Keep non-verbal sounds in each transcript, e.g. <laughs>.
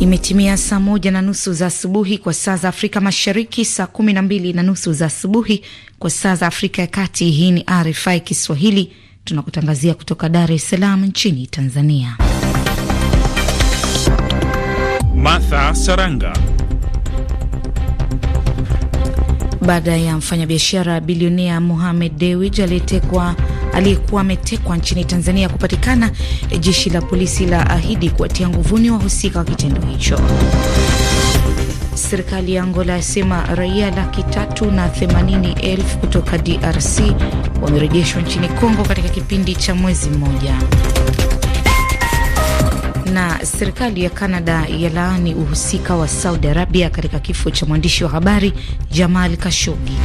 Imetimia saa moja na nusu za asubuhi kwa saa za Afrika Mashariki, saa kumi na mbili na nusu za asubuhi kwa saa za Afrika ya Kati. Hii ni RFI Kiswahili, tunakutangazia kutoka Dar es Salaam nchini Tanzania. Martha Saranga. Baada ya mfanyabiashara bilionea Mohamed Dewji aliyetekwa aliyekuwa ametekwa nchini Tanzania kupatikana, e, jeshi la polisi la ahidi kuwatia nguvuni wahusika wa kitendo hicho. Serikali ya Angola yasema raia laki tatu na themanini elfu kutoka DRC wamerejeshwa nchini Kongo katika kipindi cha mwezi mmoja. Na serikali ya Kanada yalaani uhusika wa Saudi Arabia katika kifo cha mwandishi wa habari Jamal kashogi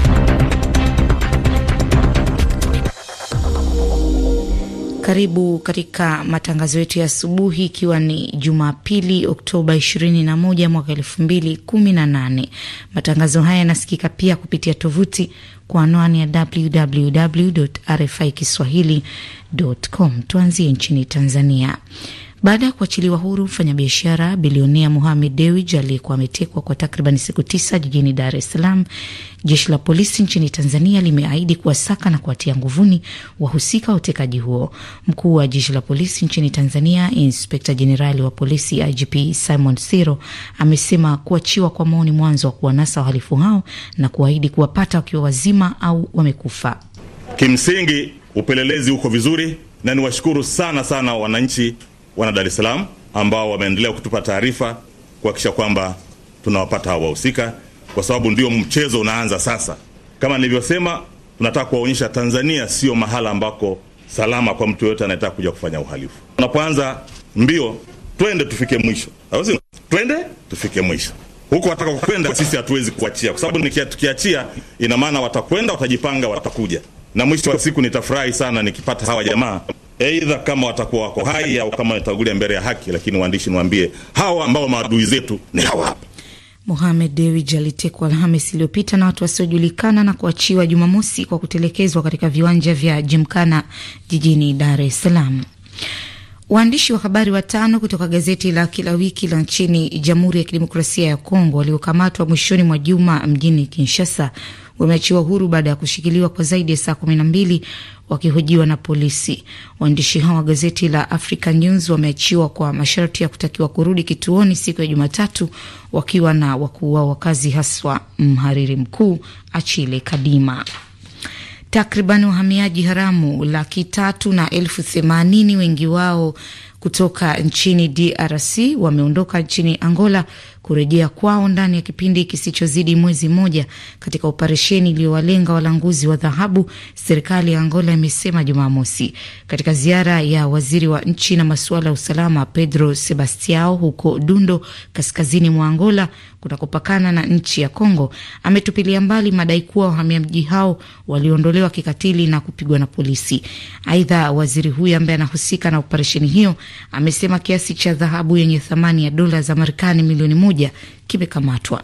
Karibu katika matangazo yetu ya asubuhi, ikiwa ni Jumapili Oktoba 21 mwaka 2018. Matangazo haya yanasikika pia kupitia tovuti kwa anwani ya www rfi kiswahili.com. Tuanzie nchini Tanzania. Baada ya kuachiliwa huru, mfanyabiashara bilionea muhamed Dewji aliyekuwa ametekwa kwa takriban siku tisa jijini Dar es Salaam, jeshi la polisi nchini Tanzania limeahidi kuwasaka na kuwatia nguvuni wahusika wa utekaji huo. Mkuu wa jeshi la polisi nchini Tanzania, inspekta jenerali wa polisi IGP Simon Siro amesema kuachiwa kwa maoni mwanzo wa kuwanasa wahalifu hao na kuahidi kuwapata wakiwa wazima au wamekufa. Kimsingi upelelezi uko vizuri, na niwashukuru sana sana wananchi wana Dar es Salaam ambao wameendelea kutupa taarifa kuhakikisha kwamba tunawapata hao wahusika, kwa sababu ndio mchezo unaanza sasa. Kama nilivyosema, tunataka kuwaonyesha Tanzania sio mahala ambako salama kwa mtu yoyote anayetaka kuja kufanya uhalifu. Tunapoanza mbio, twende tufike mwisho, twende tufike mwisho huko wataka watakakwenda, sisi hatuwezi kuachia, kwa sababu tukiachia, ina maana watakwenda, watajipanga, watakuja, na mwisho wa siku nitafurahi sana nikipata hawa jamaa Aidha, kama watakuwa wako hai au kama watagulia mbele ya haki, lakini waandishi, niwaambie hawa ambao maadui zetu ni hawa hapa. Mohamed Dewji alitekwa Alhamis iliyopita na watu wasiojulikana na kuachiwa Jumamosi kwa kutelekezwa katika viwanja vya Jimkana jijini Dar es Salaam. Waandishi wa habari watano kutoka gazeti la kila wiki la nchini Jamhuri ya Kidemokrasia ya Kongo waliokamatwa mwishoni mwa juma mjini Kinshasa wameachiwa huru baada ya kushikiliwa kwa zaidi ya saa kumi na mbili wakihojiwa na polisi. Waandishi hao wa gazeti la Africa News wameachiwa kwa masharti ya kutakiwa kurudi kituoni siku ya Jumatatu wakiwa na wakuu wao wa kazi, haswa mhariri mkuu achile Kadima. Takriban wahamiaji haramu laki tatu na elfu themanini wengi wao kutoka nchini DRC wameondoka nchini Angola kurejea kwao ndani ya kipindi kisichozidi mwezi mmoja katika operesheni iliyowalenga walanguzi wa dhahabu, serikali ya Angola imesema Jumamosi. Katika ziara ya waziri wa nchi na masuala ya usalama Pedro Sebastiao huko Dundo, kaskazini mwa Angola, kunakopakana na nchi ya Kongo ametupilia mbali madai kuwa wahamiaji hao waliondolewa kikatili na kupigwa na polisi. Aidha, waziri huyo ambaye anahusika na operesheni hiyo amesema kiasi cha dhahabu yenye thamani ya dola za Marekani milioni moja kimekamatwa.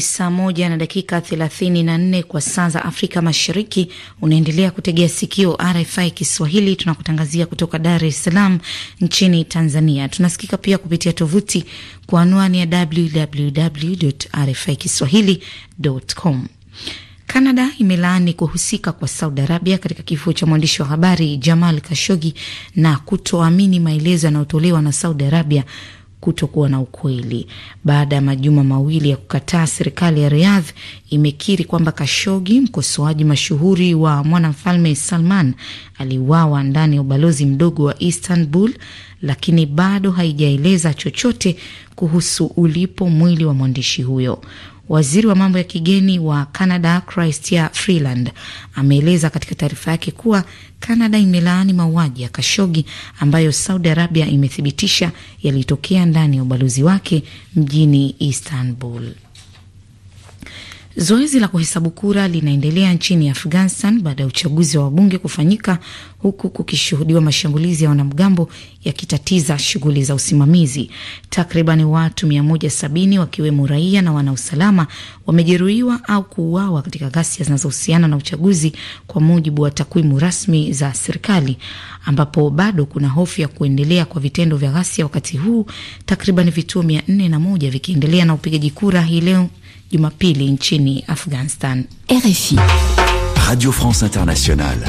saa moja na dakika 34 kwa saa za Afrika Mashariki. Unaendelea kutegea sikio RFI Kiswahili, tunakutangazia kutoka Dar es Salaam nchini Tanzania. Tunasikika pia kupitia tovuti kwa anwani ya www RFI kiswahilicom. Kanada imelaani kuhusika kwa Saudi Arabia katika kifo cha mwandishi wa habari Jamal Kashogi na kutoamini maelezo yanayotolewa na Saudi Arabia kutokuwa na ukweli. Baada ya majuma mawili ya kukataa, serikali ya Riyadh imekiri kwamba Kashogi, mkosoaji mashuhuri wa mwanamfalme Salman, aliuawa ndani ya ubalozi mdogo wa Istanbul, lakini bado haijaeleza chochote kuhusu ulipo mwili wa mwandishi huyo. Waziri wa mambo ya kigeni wa Canada Chrystia Freeland ameeleza katika taarifa yake kuwa Canada imelaani mauaji ya Kashogi ambayo Saudi Arabia imethibitisha yalitokea ndani ya ubalozi wake mjini Istanbul. Zoezi la kuhesabu kura linaendelea nchini Afghanistan baada ya uchaguzi wa wabunge kufanyika huku kukishuhudiwa mashambulizi ya wanamgambo yakitatiza shughuli za usimamizi. Takriban watu 170 wakiwemo raia na wanausalama wamejeruhiwa au kuuawa katika ghasia zinazohusiana na uchaguzi, kwa mujibu wa takwimu rasmi za serikali, ambapo bado kuna hofu ya kuendelea kwa vitendo vya ghasia, wakati huu takriban vituo 401 vikiendelea na upigaji kura hii leo Jumapili nchini Afghanistan. RFI Radio France Internationale.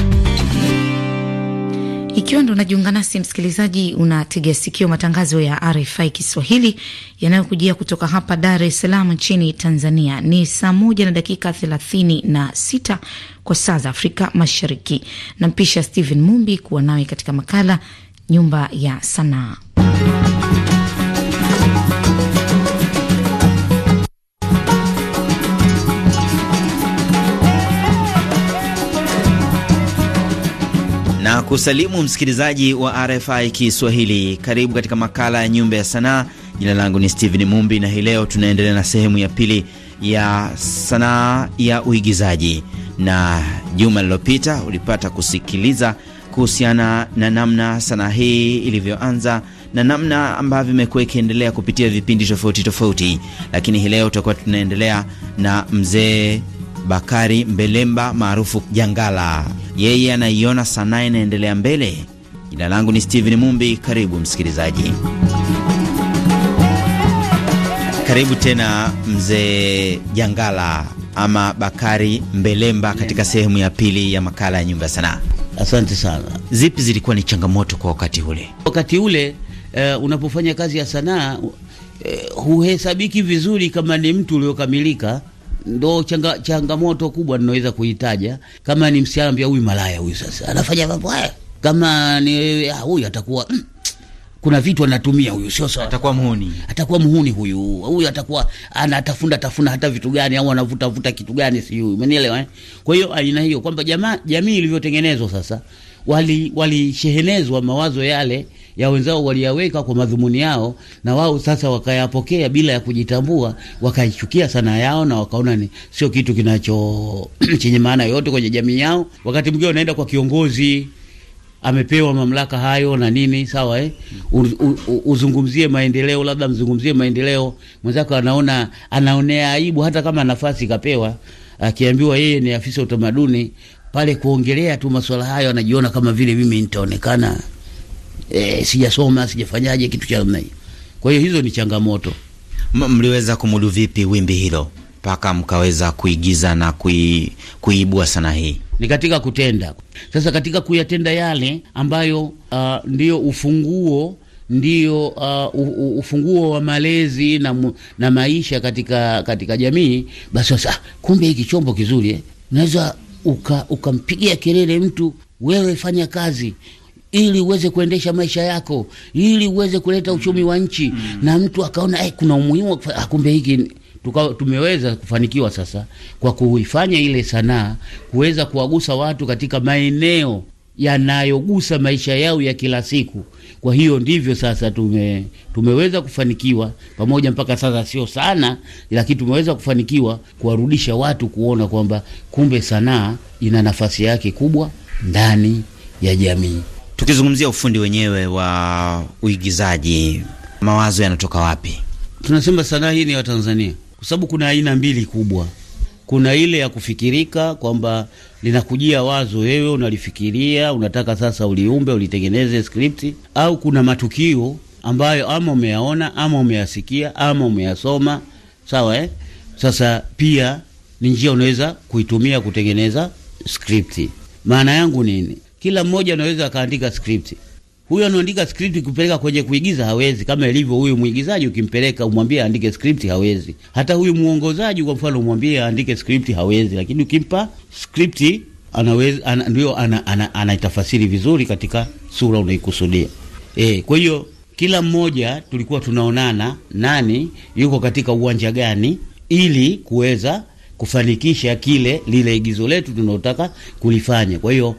Ikiwa ndo unajiunga nasi msikilizaji, unategea sikio matangazo ya RFI Kiswahili yanayokujia kutoka hapa Dar es Salaam nchini Tanzania. Ni saa moja na dakika thelathini na sita kwa saa za Afrika Mashariki. Nampisha Stephen Mumbi kuwa nawe katika makala Nyumba ya Sanaa. kusalimu msikilizaji wa RFI Kiswahili. Karibu katika makala ya Nyumba ya Sanaa. Jina langu ni Steven Mumbi na hii leo tunaendelea na sehemu ya pili ya sanaa ya uigizaji, na juma lililopita ulipata kusikiliza kuhusiana na namna sanaa hii ilivyoanza na namna ambavyo imekuwa ikiendelea kupitia vipindi tofauti tofauti, lakini hii leo tutakuwa tunaendelea na mzee Bakari Mbelemba maarufu Jangala. Yeye anaiona sanaa inaendelea mbele. Jina langu ni Steven Mumbi, karibu msikilizaji. Karibu tena mzee Jangala ama Bakari Mbelemba katika sehemu ya pili ya makala ya nyumba ya sanaa. Asante sana. Zipi zilikuwa ni changamoto kwa wakati ule? Wakati ule uh, unapofanya kazi ya sanaa uh, huhesabiki vizuri kama ni mtu uliokamilika ndo changa, changamoto kubwa ninaweza kuitaja. Kama ni msichana mbia, huyu malaya huyu, sasa anafanya mambo haya. Kama ni ah, huyu atakuwa mm, kuna vitu anatumia huyu, sio sawa, atakuwa muhuni, atakuwa muhuni huyu. Huyu atakuwa anatafunda tafuna hata vitu gani, au anavuta vuta kitu gani, si huyu, umenielewa eh? Kwa hiyo aina hiyo kwamba jamaa, jamii ilivyotengenezwa sasa, wali walishehenezwa mawazo yale ya wenzao waliyaweka kwa madhumuni yao, na wao sasa wakayapokea bila ya kujitambua, wakaichukia sana yao na wakaona ni sio kitu kinacho <clears throat> chenye maana yote kwenye jamii yao. Wakati mwingine wanaenda kwa kiongozi amepewa mamlaka hayo na nini, sawa eh? uzungumzie maendeleo, labda mzungumzie maendeleo. Mwenzako anaona anaonea aibu, hata kama nafasi kapewa, akiambiwa yeye ni afisa utamaduni pale, kuongelea tu masuala hayo anajiona kama vile mimi nitaonekana e, sijasoma sijafanyaje kitu cha namna hiyo. Kwa hiyo hizo ni changamoto. M mliweza kumudu vipi wimbi hilo mpaka mkaweza kuigiza na kui, kuibua sana hii? Ni katika kutenda. Sasa katika kuyatenda yale ambayo uh, ah, ndiyo ufunguo ndiyo uh, ah, ufunguo wa malezi na, na maisha katika, katika jamii. Basi sasa kumbe hiki chombo kizuri eh, unaweza ukampigia uka kelele mtu, wewe fanya kazi, ili uweze kuendesha maisha yako, ili uweze kuleta uchumi wa nchi mm. na mtu akaona eh, kuna umuhimu akumbe ah, hiki tumeweza kufanikiwa sasa kwa kuifanya ile sanaa kuweza kuwagusa watu katika maeneo yanayogusa maisha yao ya kila siku. Kwa hiyo ndivyo sasa tume, tumeweza kufanikiwa pamoja mpaka sasa, sio sana, lakini tumeweza kufanikiwa kuwarudisha watu kuona kwamba kumbe sanaa ina nafasi yake kubwa ndani ya jamii. Tukizungumzia ufundi wenyewe wa uigizaji, mawazo yanatoka wapi? Tunasema sanaa hii ni ya Tanzania kwa sababu kuna aina mbili kubwa. Kuna ile ya kufikirika kwamba linakujia wazo wewe unalifikiria, unataka sasa uliumbe, ulitengeneze skripti, au kuna matukio ambayo ama umeyaona ama umeyasikia ama umeyasoma, sawa eh? Sasa pia ni njia unaweza kuitumia kutengeneza skripti. Maana yangu nini? Kila mmoja anaweza akaandika script. Huyo anaandika script kupeleka kwenye kuigiza hawezi, kama ilivyo huyu mwigizaji ukimpeleka umwambie aandike script hawezi. Hata huyu muongozaji kwa mfano umwambie aandike script hawezi, lakini ukimpa script anaweza ana, ndio anaitafasiri ana, ana, ana vizuri katika sura unaikusudia. Eh, kwa hiyo kila mmoja tulikuwa tunaonana nani yuko katika uwanja gani, ili kuweza kufanikisha kile lile igizo letu tunaotaka kulifanya. Kwa hiyo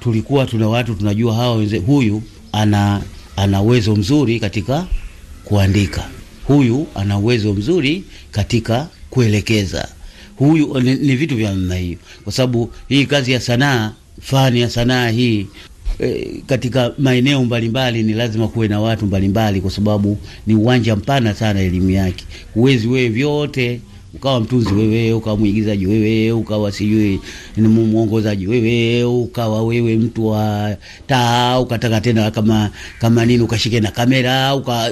tulikuwa tuna watu tunajua hawa wenze, huyu ana ana uwezo mzuri katika kuandika, huyu ana uwezo mzuri katika kuelekeza, huyu ni, ni vitu vya namna hiyo, kwa sababu hii kazi ya sanaa, fani ya sanaa hii E, katika maeneo mbalimbali ni lazima kuwe na watu mbalimbali, kwa sababu ni uwanja mpana sana elimu yake. Huwezi wewe vyote ukawa mtunzi wewe, ukawa mwigizaji wewe, ukawa sijui ni mwongozaji wewe, ukawa wewe mtu wa taa, ukataka tena kama kama nini, ukashike na kamera uka,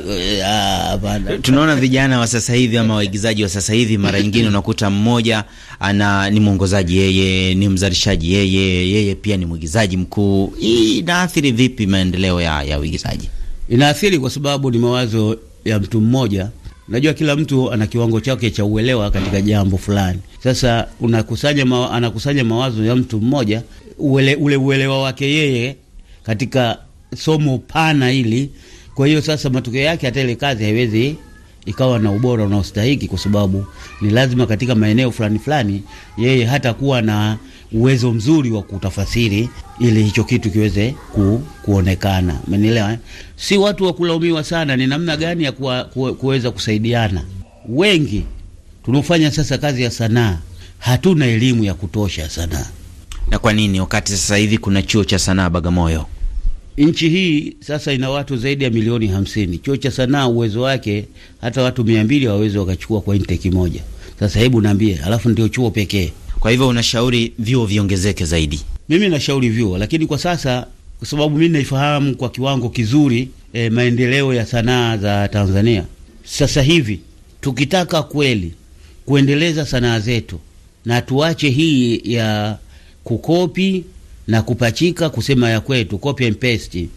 uh, tunaona vijana wa sasa hivi ama waigizaji wa sasa hivi, mara nyingine unakuta mmoja ana ni mwongozaji yeye, ni mzalishaji yeye, yeye pia ni mwigizaji mkuu. Hii inaathiri vipi maendeleo ya ya uigizaji? Inaathiri kwa sababu ni mawazo ya mtu mmoja Najua kila mtu ana kiwango chake cha uelewa katika jambo fulani. Sasa unakusanya ma, anakusanya mawazo ya mtu mmoja uele, ule uelewa wake yeye katika somo pana hili. Kwa hiyo sasa matokeo yake hata ile kazi haiwezi ikawa na ubora unaostahiki, kwa sababu ni lazima katika maeneo fulani fulani yeye hata kuwa na uwezo mzuri wa kutafasiri ili hicho kitu kiweze ku, kuonekana. Umenielewa eh? Si watu wa kulaumiwa sana, ni namna gani ya kuwa, ku, kuweza kusaidiana. Wengi tunaofanya sasa kazi ya sanaa hatuna elimu ya kutosha sanaa. Na kwa nini wakati sasa hivi kuna chuo cha sanaa Bagamoyo? Nchi hii sasa ina watu zaidi ya milioni hamsini. Chuo cha sanaa uwezo wake hata watu mia mbili wawezi wakachukua kwa intake moja. Sasa hebu naambie alafu ndio chuo pekee kwa hivyo unashauri vyuo viongezeke zaidi? Mimi nashauri vyuo, lakini kwa sasa kwa sababu mimi naifahamu kwa kiwango kizuri e, maendeleo ya sanaa za Tanzania. Sasa hivi tukitaka kweli kuendeleza sanaa zetu na tuache hii ya kukopi na kupachika kusema ya kwetu copy and paste,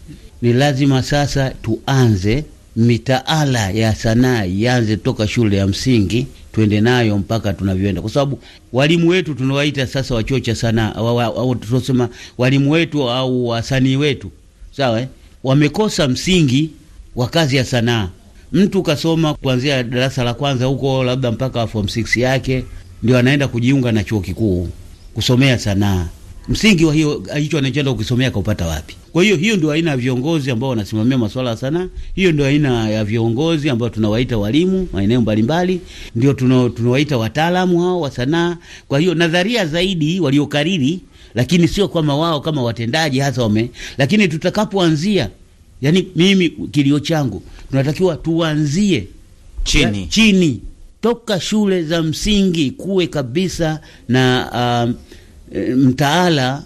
ni lazima sasa tuanze mitaala ya sanaa ianze toka shule ya msingi tuende nayo mpaka tunavyoenda, kwa sababu walimu wetu tunawaita sasa wa chuo cha sanaa au tunasema walimu wetu au wasanii wetu, sawa eh? wamekosa msingi wa kazi ya sanaa. Mtu kasoma kuanzia darasa la kwanza huko labda mpaka form 6 yake, ndio anaenda kujiunga na chuo kikuu kusomea sanaa msingi wa hiyo hicho anachenda ukisomea kaupata wapi? Kwa hiyo hiyo ndio aina ya viongozi ambao wanasimamia masuala sana. Hiyo ndio aina ya viongozi ambao tunawaita walimu maeneo mbalimbali, ndio tunawaita wataalamu hao wa sanaa. Kwa hiyo nadharia zaidi waliokariri, lakini sio kwamba wao kama watendaji hasa wame, lakini tutakapoanzia, yani mimi kilio changu, tunatakiwa tuanzie chini ya, chini toka shule za msingi kuwe kabisa na uh, Eh, mtaala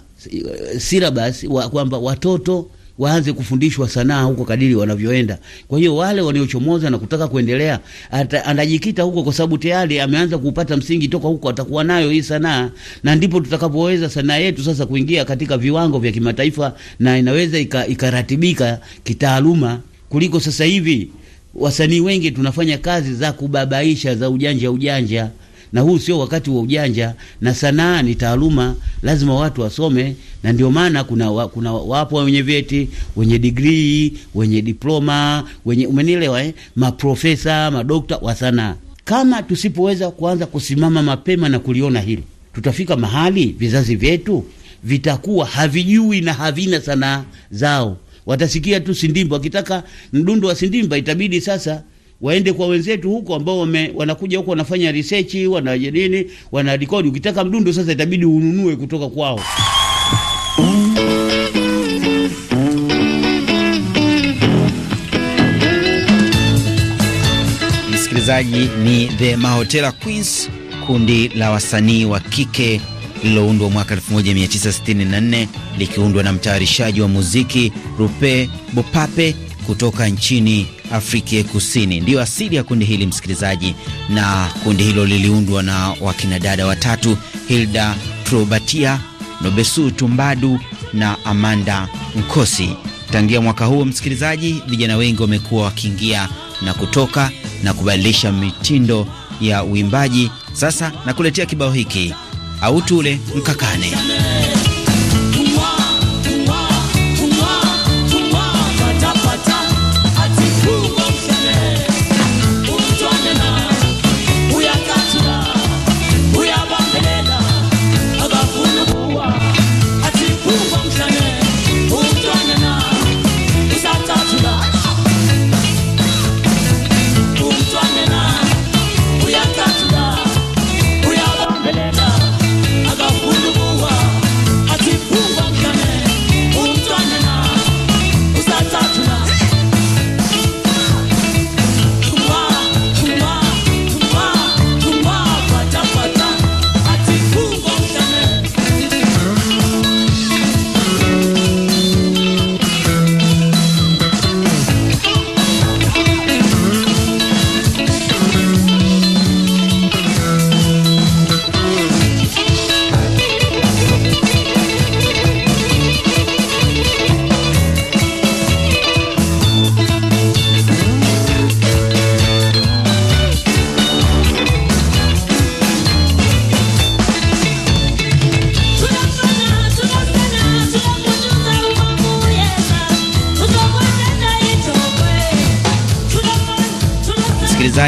syllabus wa kwamba watoto waanze kufundishwa sanaa huko kadiri wanavyoenda. Kwa hiyo wale waliochomoza na kutaka kuendelea ata, anajikita huko kwa sababu tayari ameanza kupata msingi toka huko, atakuwa nayo hii sanaa, na ndipo tutakapoweza sanaa yetu sasa kuingia katika viwango vya kimataifa na inaweza ikaratibika ika kitaaluma kuliko sasa hivi wasanii wengi tunafanya kazi za kubabaisha za ujanja ujanja na huu sio wakati wa ujanja, na sanaa ni taaluma, lazima watu wasome, na ndio maana kuna, wa, kuna wapo wenye vyeti, wenye digrii, wenye diploma, wenye umenielewa eh, maprofesa, madokta wa sanaa. Kama tusipoweza kuanza kusimama mapema na kuliona hili, tutafika mahali vizazi vyetu vitakuwa havijui na havina sanaa zao, watasikia tu Sindimba. Wakitaka mdundo wa Sindimba itabidi sasa waende kwa wenzetu huko ambao wame, wanakuja huko wanafanya research wanaje nini wana record. Ukitaka mdundo sasa itabidi ununue kutoka kwao. Msikilizaji, ni The Mahotela Queens, kundi la wasanii wa kike lililoundwa mwaka 1964 likiundwa na mtayarishaji wa muziki Rupe Bopape kutoka nchini Afrika Kusini. Ndiyo asili ya kundi hili msikilizaji, na kundi hilo liliundwa na wakinadada watatu Hilda trobatia Nobesu Tumbadu na Amanda Nkosi. Tangia mwaka huo msikilizaji, vijana wengi wamekuwa wakiingia na kutoka na kubadilisha mitindo ya uimbaji. Sasa nakuletea kibao hiki au tule mkakane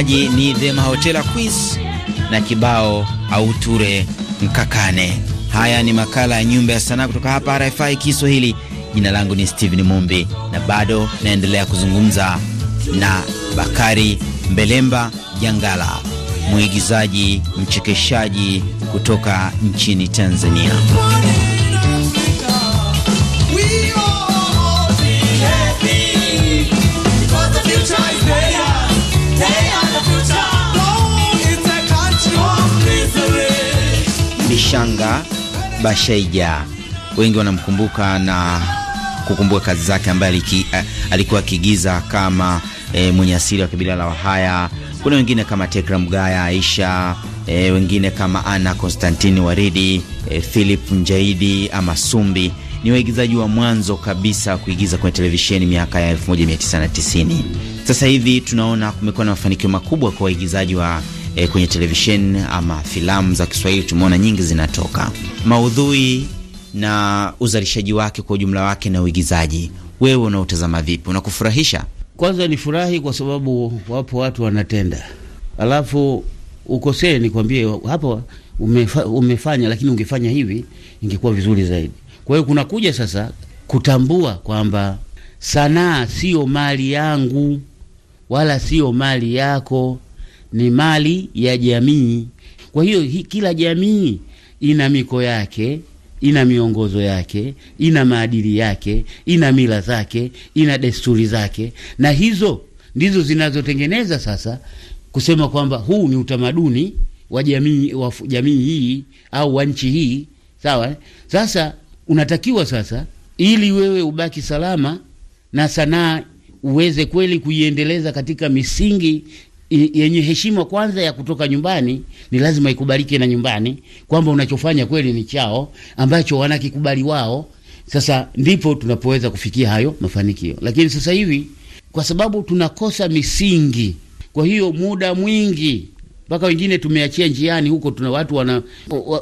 msikilizaji, ni The Mahotela Quiz na kibao auture mkakane. Haya ni makala ya Nyumba ya Sanaa kutoka hapa RFI Kiswahili. Jina langu ni Steven Mumbi na bado naendelea kuzungumza na Bakari Mbelemba Jangala, mwigizaji mchekeshaji kutoka nchini Tanzania. Bashaija, wengi wanamkumbuka na kukumbuka kazi zake ambaye aliki, eh, alikuwa akiigiza kama e, mwenye asili wa kabila la Wahaya. Kuna wengine kama Tekra Mgaya, Aisha e, wengine kama Ana Konstantini Waridi e, Philip Njaidi ama Sumbi. Ni waigizaji wa mwanzo kabisa kuigiza kwenye televisheni miaka ya 1990. Sasa hivi tunaona kumekuwa na mafanikio makubwa kwa waigizaji wa e, kwenye televisheni ama filamu za Kiswahili tumeona nyingi zinatoka. Maudhui na uzalishaji wake kwa ujumla wake na uigizaji, wewe unaotazama vipi, unakufurahisha? Kwanza ni furahi kwa sababu wapo watu wanatenda, alafu ukosee, nikwambie hapo umefa, umefanya lakini ungefanya hivi ingekuwa vizuri zaidi. Kwa hiyo kuna kuja sasa kutambua kwamba sanaa sio mali yangu wala sio mali yako, ni mali ya jamii. Kwa hiyo hi, kila jamii ina miko yake, ina miongozo yake, ina maadili yake, ina mila zake, ina desturi zake, na hizo ndizo zinazotengeneza sasa kusema kwamba huu ni utamaduni wa jamii wa jamii hii au wa nchi hii. Sawa, eh? sasa unatakiwa sasa, ili wewe ubaki salama na sanaa uweze kweli kuiendeleza katika misingi yenye heshima kwanza ya kutoka nyumbani ni lazima ikubalike na nyumbani kwamba unachofanya kweli ni chao ambacho wanakikubali wao. Sasa ndipo tunapoweza kufikia hayo mafanikio, lakini sasa hivi kwa sababu tunakosa misingi, kwa hiyo muda mwingi mpaka wengine tumeachia njiani huko, tuna watu wana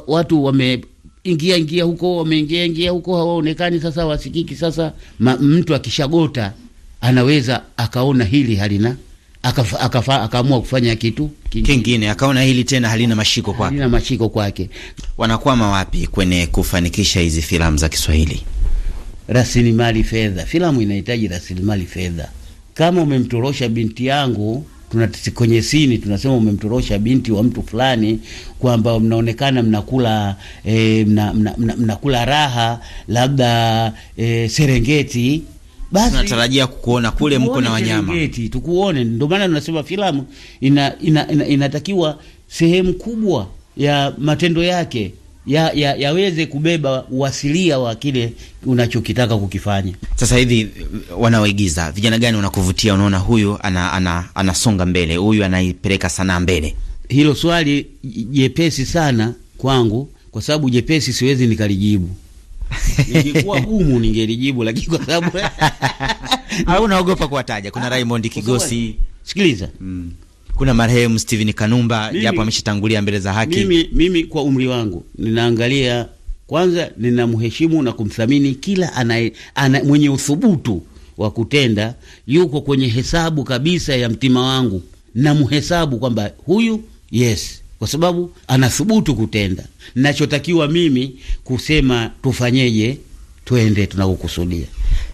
watu wame ingia ingia huko wameingia ingia huko hawaonekani, sasa wasikiki. Sasa ma, mtu akishagota anaweza akaona hili halina akafa, akaamua kufanya kitu kingine, akaona hili tena halina mashiko kwake, halina mashiko kwake. Wanakwama wapi kwenye kufanikisha hizi filamu za Kiswahili? Rasilimali fedha. Filamu inahitaji rasilimali fedha. Kama umemtorosha binti yangu kwenye sini tunasema umemtorosha binti wa mtu fulani, kwamba mnaonekana mnakula e, mna, mna, mna, mnakula raha labda e, Serengeti basi tunatarajia kukuona kule, mko na wanyama eti tukuone. Ndio maana tunasema filamu ina, ina, ina, inatakiwa sehemu kubwa ya matendo yake ya, ya, yaweze kubeba uasilia wa kile unachokitaka kukifanya. Sasa hivi wanaoigiza vijana gani unakuvutia Unaona huyu ana, ana, anasonga mbele, huyu anaipeleka sanaa mbele. Hilo swali jepesi sana kwangu, kwa sababu jepesi siwezi nikalijibu. Ningekuwa gumu ningelijibu, lakini kwa sababu au <laughs> ah, naogopa kuwataja, kuna Raymond Kigosi, sikiliza mm. kuna marehemu Steven Kanumba, japo ameshatangulia mbele za haki. Mimi, mimi kwa umri wangu ninaangalia kwanza, ninamheshimu na kumthamini kila anaye, ana, mwenye uthubutu wa kutenda, yuko kwenye hesabu kabisa ya mtima wangu, namhesabu kwamba huyu yes kwa sababu anathubutu kutenda. Nachotakiwa mimi kusema tufanyeje, twende tunakokusudia.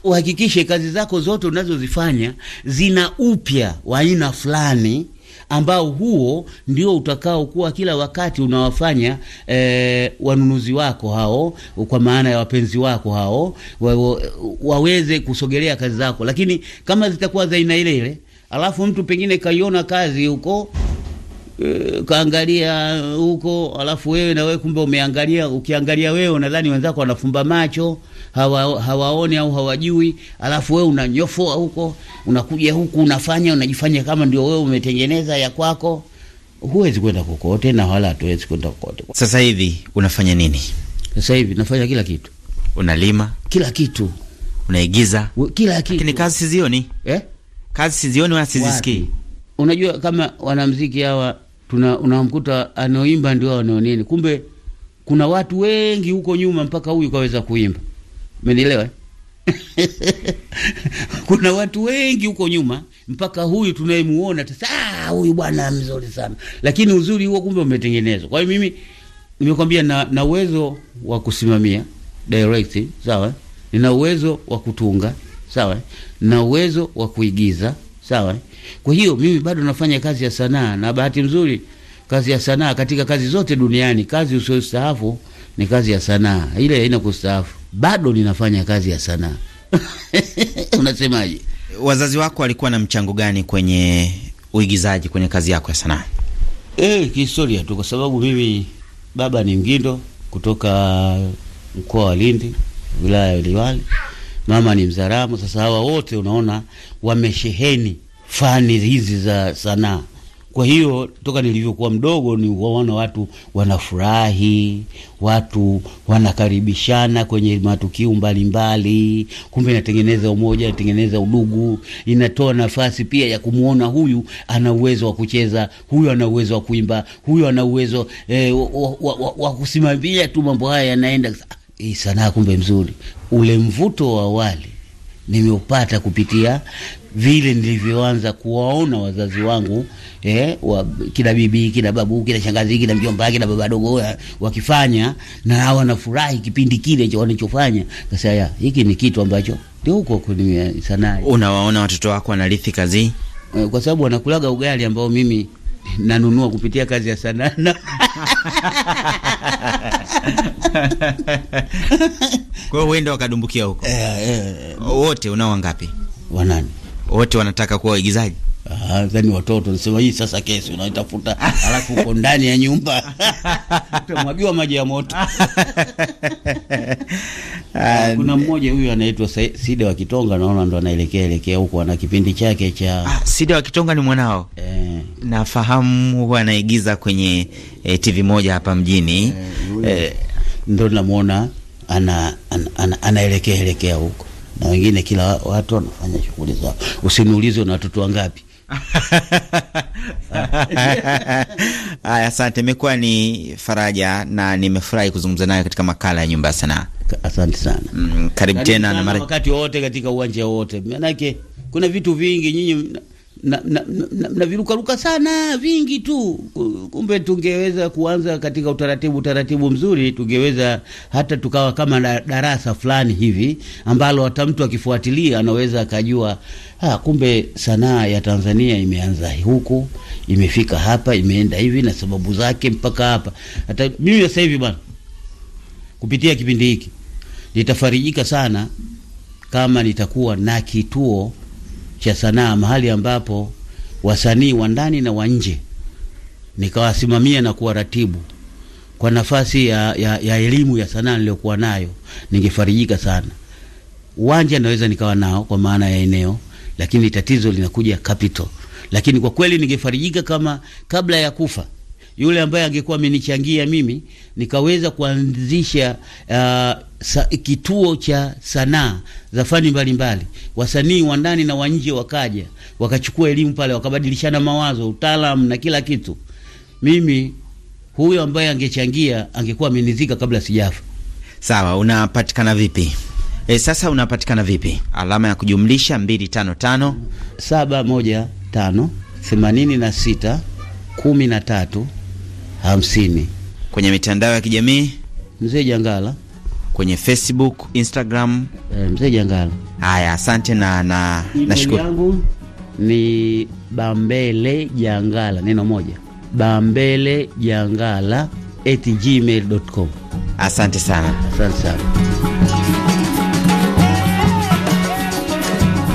Uhakikishe kazi zako zote unazozifanya zina upya wa aina fulani ambao huo ndio utakaokuwa kila wakati unawafanya e, wanunuzi wako hao, kwa maana ya wapenzi wako hao wa, wa, waweze kusogelea kazi zako. Lakini kama zitakuwa za aina ile ile, alafu mtu pengine kaiona kazi huko Eh, kaangalia huko, alafu wewe na wewe kumbe umeangalia. Ukiangalia wewe unadhani wenzako wanafumba macho hawa, hawaoni au hawajui, alafu wewe unanyofoa huko, unakuja huku unafanya unajifanya kama ndio wewe umetengeneza ya kwako. Huwezi kwenda kokote na wala hatuwezi kwenda kokote. Sasa hivi unafanya nini? Sasa hivi nafanya kila kitu. Unalima kila kitu, unaigiza kila kitu, lakini kazi sizioni eh? Kazi sizioni wala sizisikii. Unajua kama wanamziki hawa tuna unamkuta anaoimba ndio anaoneni, kumbe kuna watu wengi huko nyuma mpaka huyu kaweza kuimba. Umenielewa? Eh? <laughs> kuna watu wengi huko nyuma mpaka huyu tunayemuona sasa, huyu bwana mzuri sana, lakini uzuri huo kumbe umetengenezwa. Kwa hiyo mimi nimekwambia na uwezo wa kusimamia direct, sawa, nina uwezo wa kutunga, sawa, na uwezo wa kuigiza sawa eh? Kwa hiyo mimi bado nafanya kazi ya sanaa, na bahati nzuri kazi ya sanaa katika kazi zote duniani, kazi usiyostaafu ni kazi ya sanaa, ile haina kustaafu. Bado ninafanya kazi ya sanaa <laughs> unasemaje? Wazazi wako walikuwa na mchango gani kwenye uigizaji, kwenye kazi yako ya sanaa? Eh, kihistoria tu, kwa sababu mimi baba ni Mgindo kutoka mkoa wa Lindi wilaya ya Liwale, mama ni Mzaramo. Sasa hawa wote unaona wamesheheni fani hizi za sanaa. Kwa hiyo toka nilivyokuwa mdogo ni waona watu wanafurahi, watu wanakaribishana kwenye matukio mbalimbali. Kumbe inatengeneza umoja, inatengeneza udugu, inatoa nafasi pia ya kumwona huyu ana uwezo wa kucheza, huyu ana uwezo wa kuimba, huyu ana uwezo eh, wa, wa, wa, wa kusimamia tu mambo haya yanaenda. Ah, hii sanaa kumbe mzuri, ule mvuto wa awali nimeupata kupitia vile nilivyoanza kuwaona wazazi wangu eh, wa, kila bibi kila babu kila shangazi kila mjomba kila baba dogo eh, wakifanya na hao wanafurahi kipindi kile wanachofanya. Sasa ya hiki ni kitu ambacho ndio huko kwenye sanaa. Unawaona watoto wako wanarithi kazi, eh, kwa sababu wanakulaga ugali ambao mimi nanunua kupitia kazi ya sanaa <laughs> <laughs> Kwa hiyo huenda wakadumbukia huko eh, eh, wote unao wangapi? Wanani? Wote wanataka kuwa waigizaji? Ah, zani watoto nasema, hii sasa kesi unaitafuta alafu uko ndani ya nyumba. Utamwagiwa <laughs> maji ya moto. <laughs> Ah, ah, kuna mmoja huyu anaitwa Sida wa Kitonga naona ndo anaelekea elekea huko ana kipindi chake cha ah, Sida wa Kitonga ni mwanao. Eh. Nafahamu huwa anaigiza kwenye eh, TV moja hapa mjini. Eh, eh ndo namwona ana, ana, ana, anaelekea elekea huko na wengine kila watu wanafanya shughuli zao. Usiniulize una watoto wangapi? Haya, <laughs> asante. Imekuwa ni faraja na nimefurahi kuzungumza nayo katika makala ya Nyumba ya Sanaa. Asante sana. Mm, karibu tena na mara wakati katika uwanja wote maanake kuna vitu vingi nyinyi na, na, na, na virukaruka sana vingi tu. Kumbe tungeweza kuanza katika utaratibu utaratibu mzuri, tungeweza hata tukawa kama na darasa fulani hivi ambalo hata mtu akifuatilia anaweza akajua, ha, ah, kumbe sanaa ya Tanzania imeanza huku imefika hapa imeenda hivi na sababu zake mpaka hapa. Hata mimi sasa hivi bwana, kupitia kipindi hiki nitafarijika sana kama nitakuwa na kituo cha sanaa, mahali ambapo wasanii wa ndani na wa nje nikawasimamia na kuwaratibu kwa nafasi ya, ya, ya elimu ya sanaa niliyokuwa nayo, ningefarijika sana. Uwanja naweza nikawa nao kwa maana ya eneo, lakini tatizo linakuja capital. Lakini kwa kweli ningefarijika kama kabla ya kufa yule ambaye angekuwa amenichangia mimi nikaweza kuanzisha uh, sa, kituo cha sanaa za fani mbalimbali, wasanii wa ndani na wa nje wakaja wakachukua elimu pale, wakabadilishana mawazo, utaalamu na kila kitu. Mimi huyo ambaye angechangia angekuwa amenizika kabla sijafa. Sawa, unapatikana vipi? E, sasa unapatikana vipi? Alama ya kujumlisha 255 715 86 13 50 kwenye mitandao ya kijamii Mzee Jangala kwenye Facebook, Instagram. Eh, mzee Jangala. Haya, asante na na nashukuru. yangu ni Bambele Jangala, neno moja, Bambele Jangala at gmail.com. Asante sana, asante sana.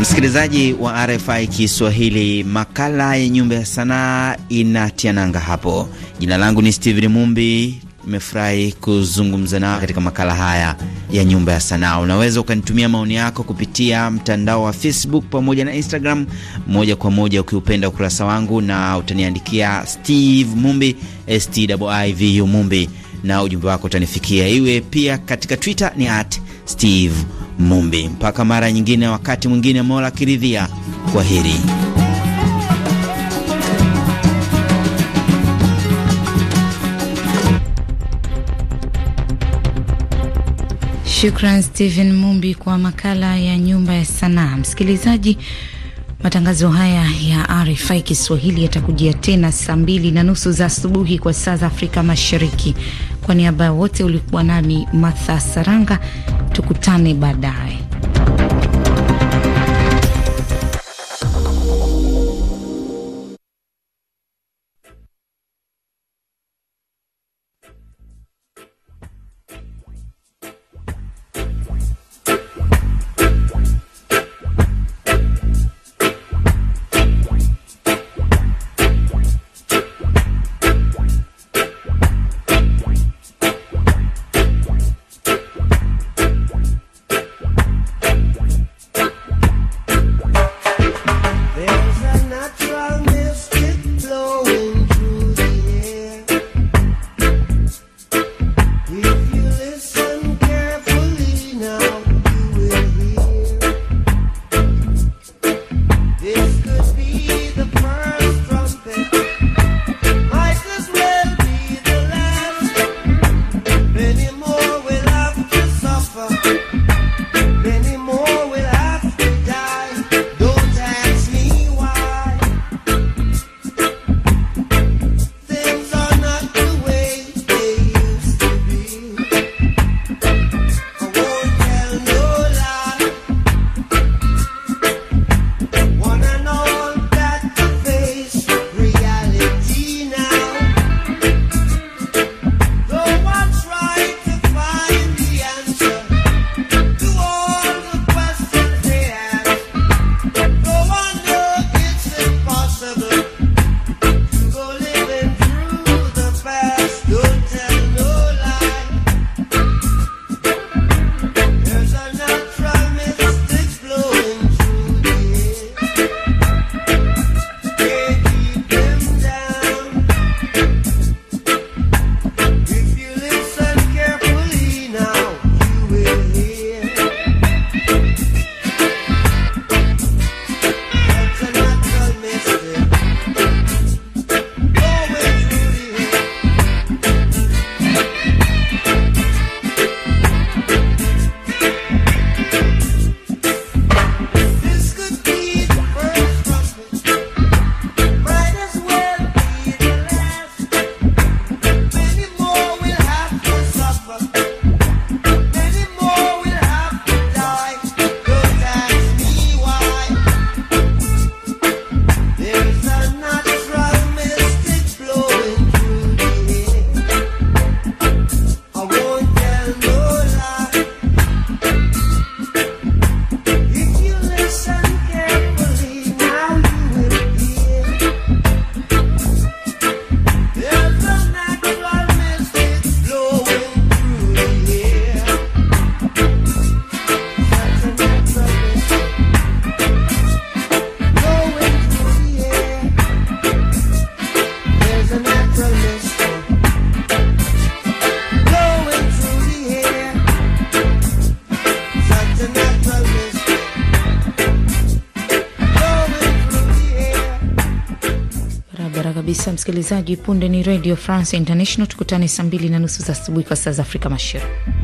Msikilizaji wa RFI Kiswahili, makala ya Nyumba ya Sanaa inatia nanga hapo. Jina langu ni Steven Mumbi mefurahi kuzungumza nao katika makala haya ya Nyumba ya Sanaa. Unaweza ukanitumia maoni yako kupitia mtandao wa Facebook pamoja na Instagram moja kwa moja, ukiupenda ukurasa wangu, na utaniandikia Steve Mumbi, Stivu Mumbi, na ujumbe wako utanifikia. Iwe pia katika Twitter ni at Steve Mumbi. Mpaka mara nyingine, wakati mwingine, Mola akiridhia, kwaheri. Shukran Stephen Mumbi kwa makala ya nyumba ya sanaa. Msikilizaji, matangazo haya ya RFI Kiswahili yatakujia tena saa mbili na nusu za asubuhi kwa saa za Afrika Mashariki. Kwa niaba ya wote ulikuwa nami Martha Saranga, tukutane baadaye. msikilizaji. Punde ni Radio France International, tukutane saa mbili na nusu za asubuhi kwa saa za Afrika Mashariki.